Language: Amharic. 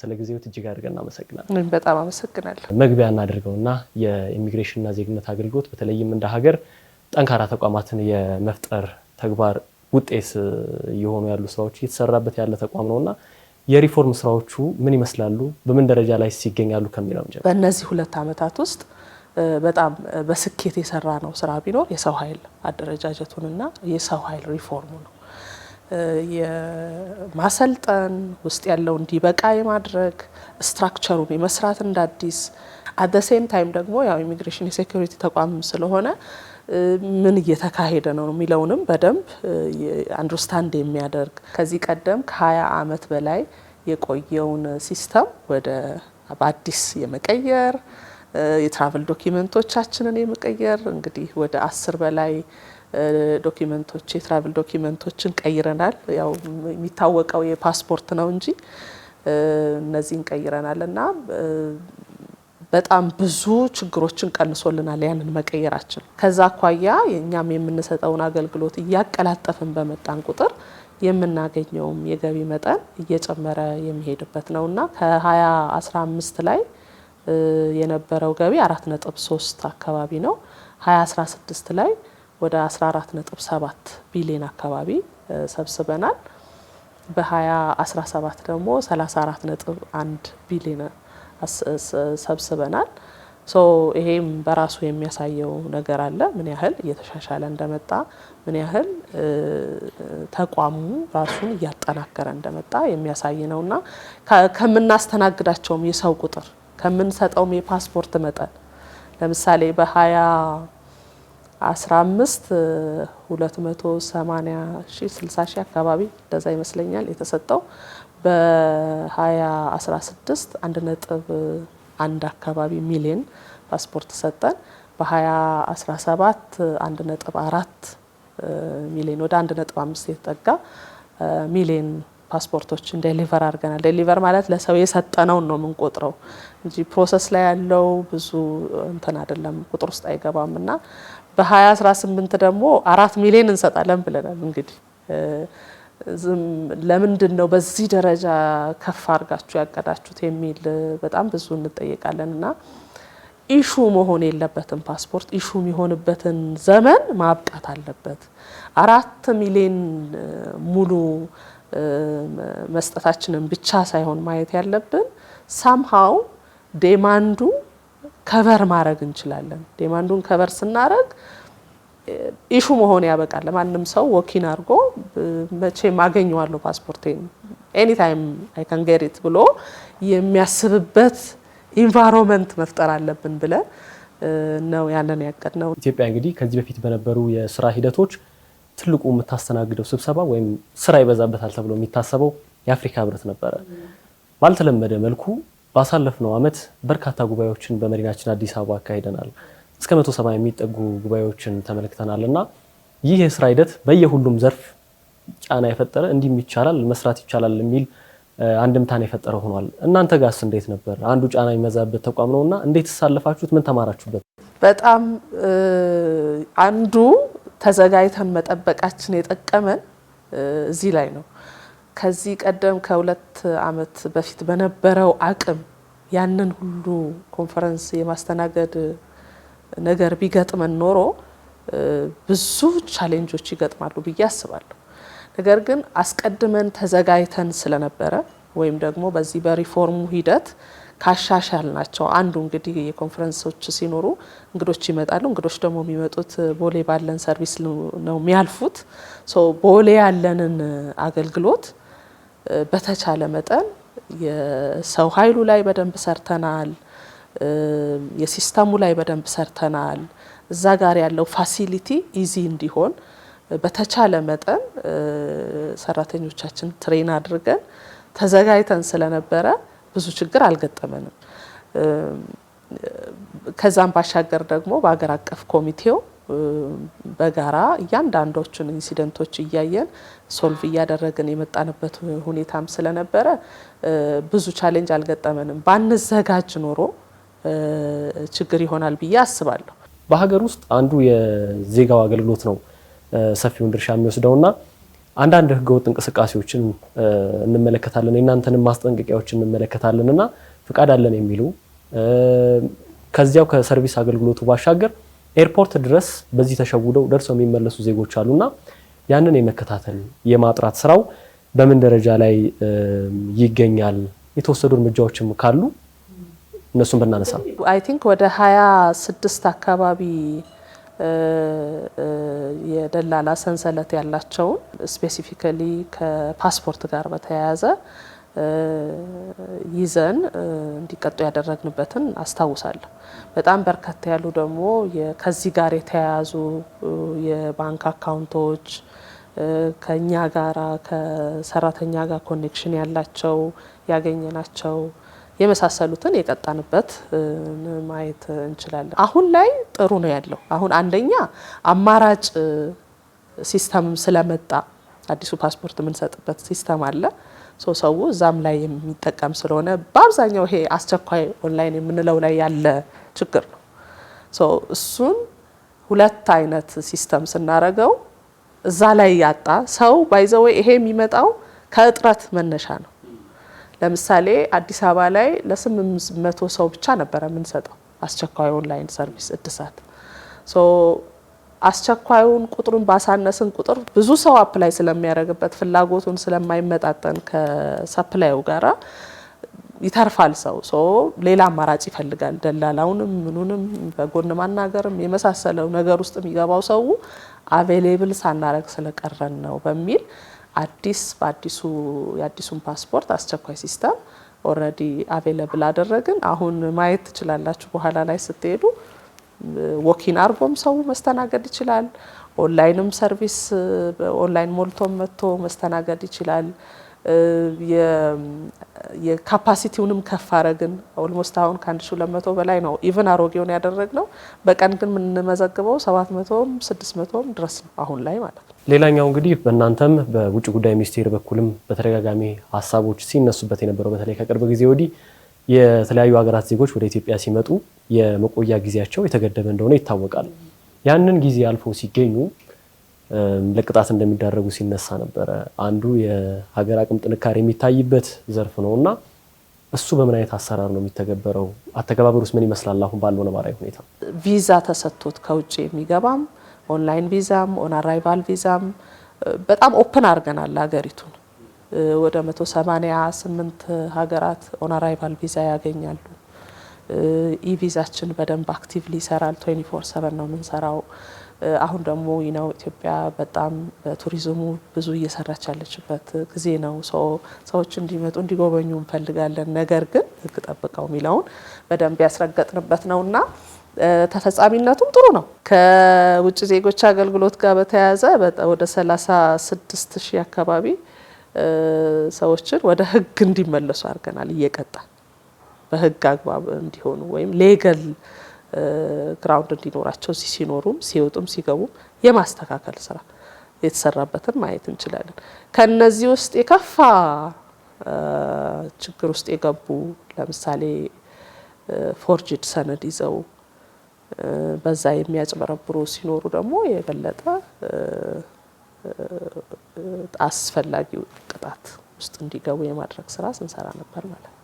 ስለ ጊዜዎት እጅግ አድርገን እናመሰግናለን። በጣም አመሰግናለሁ። መግቢያ እናድርገውና የኢሚግሬሽንና ዜግነት አገልግሎት በተለይም እንደ ሀገር ጠንካራ ተቋማትን የመፍጠር ተግባር ውጤት የሆኑ ያሉ ስራዎች እየተሰራበት ያለ ተቋም እና የሪፎርም ስራዎቹ ምን ይመስላሉ? በምን ደረጃ ላይ ይገኛሉ? ከሚለው ጀምሮ በእነዚህ ሁለት ዓመታት ውስጥ በጣም በስኬት የሰራ ነው ስራ ቢኖር የሰው ኃይል አደረጃጀቱንና የሰው ኃይል ሪፎርሙ ነው። የማሰልጠን ውስጥ ያለው እንዲበቃ የማድረግ ስትራክቸሩን የመስራት እንዳዲስ አዲስ አደ ሴም ታይም ደግሞ ያው ኢሚግሬሽን የሴኩሪቲ ተቋም ስለሆነ ምን እየተካሄደ ነው የሚለውንም በደንብ አንደርስታንድ የሚያደርግ ከዚህ ቀደም ከ20 ዓመት በላይ የቆየውን ሲስተም ወደ በአዲስ የመቀየር የትራቨል ዶኪመንቶቻችንን የመቀየር እንግዲህ ወደ አስር በላይ ዶኪመንቶች የትራቭል ዶኪመንቶችን ቀይረናል። ያው የሚታወቀው የፓስፖርት ነው እንጂ እነዚህን ቀይረናል እና በጣም ብዙ ችግሮችን ቀንሶልናል ያንን መቀየራችን። ከዛ አኳያ እኛም የምንሰጠውን አገልግሎት እያቀላጠፍን በመጣን ቁጥር የምናገኘውም የገቢ መጠን እየጨመረ የሚሄድበት ነው እና ከ2015 ላይ የነበረው ገቢ 4.3 አካባቢ ነው 2016 ላይ ወደ 14.7 ቢሊዮን አካባቢ ሰብስበናል። በ2017 ደግሞ 34.1 ቢሊዮን ሰብስበናል። ሶ ይሄም በራሱ የሚያሳየው ነገር አለ፣ ምን ያህል እየተሻሻለ እንደመጣ ምን ያህል ተቋሙ ራሱን እያጠናከረ እንደመጣ የሚያሳይ ነው እና ከምናስተናግዳቸውም የሰው ቁጥር ከምንሰጠውም የፓስፖርት መጠን ለምሳሌ በሀያ 15 280 ሺ 60 ሺህ አካባቢ እንደዛ ይመስለኛል የተሰጠው በ2016 1 ነጥብ አንድ አካባቢ ሚሊዮን ፓስፖርት ሰጠን። በ2017 1 ነጥብ አራት ሚሊዮን ወደ 1 ነጥብ አምስት የተጠጋ ሚሊዮን ፓስፖርቶችን ዴሊቨር አድርገናል። ዴሊቨር ማለት ለሰው የሰጠነውን ነው የምንቆጥረው እንጂ ፕሮሰስ ላይ ያለው ብዙ እንትን አይደለም፣ ቁጥር ውስጥ አይገባም እና በ2018 ደግሞ አራት ሚሊዮን እንሰጣለን ብለናል። እንግዲህ ለምንድን ነው በዚህ ደረጃ ከፍ አድርጋችሁ ያቀዳችሁት የሚል በጣም ብዙ እንጠየቃለን እና ኢሹ መሆን የለበትም። ፓስፖርት ኢሹ የሚሆንበትን ዘመን ማብቃት አለበት። አራት ሚሊዮን ሙሉ መስጠታችንን ብቻ ሳይሆን ማየት ያለብን ሳምሃው ዴማንዱ ከቨር ማድረግ እንችላለን። ዴማንዱን ከቨር ስናደረግ ኢሹ መሆን ያበቃል። ለማንም ሰው ወኪን አድርጎ መቼም ማገኘዋለሁ ፓስፖርቴን ኤኒታይም አይካን ጌሪት ብሎ የሚያስብበት ኢንቫይሮንመንት መፍጠር አለብን ብለን ነው ያንን ያቀድ ነው። ኢትዮጵያ እንግዲህ ከዚህ በፊት በነበሩ የስራ ሂደቶች ትልቁ የምታስተናግደው ስብሰባ ወይም ስራ ይበዛበታል ተብሎ የሚታሰበው የአፍሪካ ህብረት ነበረ ባልተለመደ መልኩ ባሳለፍነው ዓመት በርካታ ጉባኤዎችን በመዲናችን አዲስ አበባ አካሂደናል። እስከ መቶ ሰባ የሚጠጉ ጉባኤዎችን ተመልክተናል እና ይህ የስራ ሂደት በየሁሉም ዘርፍ ጫና የፈጠረ እንዲህም ይቻላል መስራት ይቻላል የሚል አንድምታን የፈጠረ ሆኗል። እናንተ ጋስ እንዴት ነበር? አንዱ ጫና የሚመዛበት ተቋም ነው እና እንዴት ተሳለፋችሁት? ምን ተማራችሁበት? በጣም አንዱ ተዘጋጅተን መጠበቃችን የጠቀመን እዚህ ላይ ነው። ከዚህ ቀደም ከሁለት አመት በፊት በነበረው አቅም ያንን ሁሉ ኮንፈረንስ የማስተናገድ ነገር ቢገጥመን ኖሮ ብዙ ቻሌንጆች ይገጥማሉ ብዬ አስባለሁ። ነገር ግን አስቀድመን ተዘጋጅተን ስለነበረ ወይም ደግሞ በዚህ በሪፎርሙ ሂደት ካሻሻል ናቸው አንዱ እንግዲህ የኮንፈረንሶች ሲኖሩ እንግዶች ይመጣሉ። እንግዶች ደግሞ የሚመጡት ቦሌ ባለን ሰርቪስ ነው የሚያልፉት። ቦሌ ያለንን አገልግሎት በተቻለ መጠን የሰው ኃይሉ ላይ በደንብ ሰርተናል። የሲስተሙ ላይ በደንብ ሰርተናል። እዛ ጋር ያለው ፋሲሊቲ ኢዚ እንዲሆን በተቻለ መጠን ሰራተኞቻችን ትሬን አድርገን ተዘጋጅተን ስለነበረ ብዙ ችግር አልገጠመንም። ከዛም ባሻገር ደግሞ በሀገር አቀፍ ኮሚቴው በጋራ እያንዳንዶቹን ኢንሲደንቶች እያየን ሶልቭ እያደረግን የመጣንበት ሁኔታም ስለነበረ ብዙ ቻሌንጅ አልገጠመንም። ባንዘጋጅ ኖሮ ችግር ይሆናል ብዬ አስባለሁ። በሀገር ውስጥ አንዱ የዜጋው አገልግሎት ነው ሰፊውን ድርሻ የሚወስደው እና አንዳንድ ህገወጥ እንቅስቃሴዎችን እንመለከታለን። የእናንተንም ማስጠንቀቂያዎች እንመለከታለን እና ፍቃድ አለን የሚሉ ከዚያው ከሰርቪስ አገልግሎቱ ባሻገር ኤርፖርት ድረስ በዚህ ተሸውደው ደርሰው የሚመለሱ ዜጎች አሉና ያንን የመከታተል የማጥራት ስራው በምን ደረጃ ላይ ይገኛል? የተወሰዱ እርምጃዎችም ካሉ እነሱን ብናነሳ አይ ቲንክ ወደ ሀያ ስድስት አካባቢ የደላላ ሰንሰለት ያላቸውን ስፔሲፊካሊ ከፓስፖርት ጋር በተያያዘ ይዘን እንዲቀጡ ያደረግንበትን አስታውሳለሁ። በጣም በርከታ ያሉ ደግሞ ከዚህ ጋር የተያያዙ የባንክ አካውንቶች ከኛ ጋራ ከሰራተኛ ጋር ኮኔክሽን ያላቸው ያገኘናቸው የመሳሰሉትን የቀጣንበት ማየት እንችላለን። አሁን ላይ ጥሩ ነው ያለው። አሁን አንደኛ አማራጭ ሲስተምም ስለመጣ አዲሱ ፓስፖርት የምንሰጥበት ሲስተም አለ። ሰው እዛም ላይ የሚጠቀም ስለሆነ በአብዛኛው ይሄ አስቸኳይ ኦንላይን የምንለው ላይ ያለ ችግር ነው። ሶ እሱን ሁለት አይነት ሲስተም ስናረገው እዛ ላይ ያጣ ሰው ባይዘወ ይሄ የሚመጣው ከእጥረት መነሻ ነው። ለምሳሌ አዲስ አበባ ላይ ለስምንት መቶ ሰው ብቻ ነበረ የምንሰጠው አስቸኳይ ኦንላይን ሰርቪስ እድሳት አስቸኳዩን ቁጥሩን ባሳነስን ቁጥር ብዙ ሰው አፕላይ ስለሚያደርግበት ፍላጎቱን ስለማይመጣጠን ከሰፕላዩ ጋራ ይተርፋል ሰው ሌላ አማራጭ ይፈልጋል። ደላላውንም ምኑንም በጎን ማናገርም የመሳሰለው ነገር ውስጥ የሚገባው ሰው አቬሌብል ሳናረግ ስለቀረን ነው በሚል አዲስ በአዲሱ የአዲሱን ፓስፖርት አስቸኳይ ሲስተም ኦልሬዲ አቬለብል አደረግን። አሁን ማየት ትችላላችሁ በኋላ ላይ ስትሄዱ ወኪን አርጎም ሰው መስተናገድ ይችላል። ኦንላይንም ሰርቪስ ኦንላይን ሞልቶም መጥቶ መስተናገድ ይችላል። የካፓሲቲውንም ከፍ አረግን። ኦልሞስት አሁን ከአንድ ሺ ሁለት መቶ በላይ ነው ኢቨን አሮጌውን ያደረግ ነው። በቀን ግን የምንመዘግበው ሰባት መቶም ስድስት መቶም ድረስ ነው አሁን ላይ ማለት ነው። ሌላኛው እንግዲህ በእናንተም በውጭ ጉዳይ ሚኒስቴር በኩልም በተደጋጋሚ ሀሳቦች ሲነሱበት የነበረው በተለይ ከቅርብ ጊዜ ወዲህ የተለያዩ ሀገራት ዜጎች ወደ ኢትዮጵያ ሲመጡ የመቆያ ጊዜያቸው የተገደበ እንደሆነ ይታወቃል። ያንን ጊዜ አልፎ ሲገኙ ለቅጣት እንደሚዳረጉ ሲነሳ ነበረ። አንዱ የሀገር አቅም ጥንካሬ የሚታይበት ዘርፍ ነው እና እሱ በምን አይነት አሰራር ነው የሚተገበረው? አተገባበሩስ ምን ይመስላል? አሁን ባለው ነባራዊ ሁኔታ ቪዛ ተሰጥቶት ከውጭ የሚገባም ኦንላይን ቪዛም ኦን አራይቫል ቪዛም በጣም ኦፕን አድርገናል ሀገሪቱን ወደ 188 ሀገራት ኦን አራይቫል ቪዛ ያገኛሉ። ኢቪዛችን በደንብ አክቲቭሊ ይሰራል። 24 7 ነው የምንሰራው። አሁን ደግሞ ነው ኢትዮጵያ በጣም በቱሪዝሙ ብዙ እየሰራች ያለችበት ጊዜ ነው። ሰዎች እንዲመጡ እንዲጎበኙ እንፈልጋለን። ነገር ግን ህግ ጠብቀው የሚለውን በደንብ ያስረገጥንበት ነው እና ተፈጻሚነቱም ጥሩ ነው። ከውጭ ዜጎች አገልግሎት ጋር በተያያዘ ወደ 36 ሺህ አካባቢ ሰዎችን ወደ ህግ እንዲመለሱ አድርገናል። እየቀጣ በህግ አግባብ እንዲሆኑ ወይም ሌገል ግራውንድ እንዲኖራቸው እዚህ ሲኖሩም ሲወጡም ሲገቡም የማስተካከል ስራ የተሰራበትን ማየት እንችላለን። ከነዚህ ውስጥ የከፋ ችግር ውስጥ የገቡ ለምሳሌ ፎርጅድ ሰነድ ይዘው በዛ የሚያጭበረብሩ ሲኖሩ ደግሞ የበለጠ አስፈላጊው ቅጣት ውስጥ እንዲገቡ የማድረግ ስራ ስንሰራ ነበር ማለት ነው።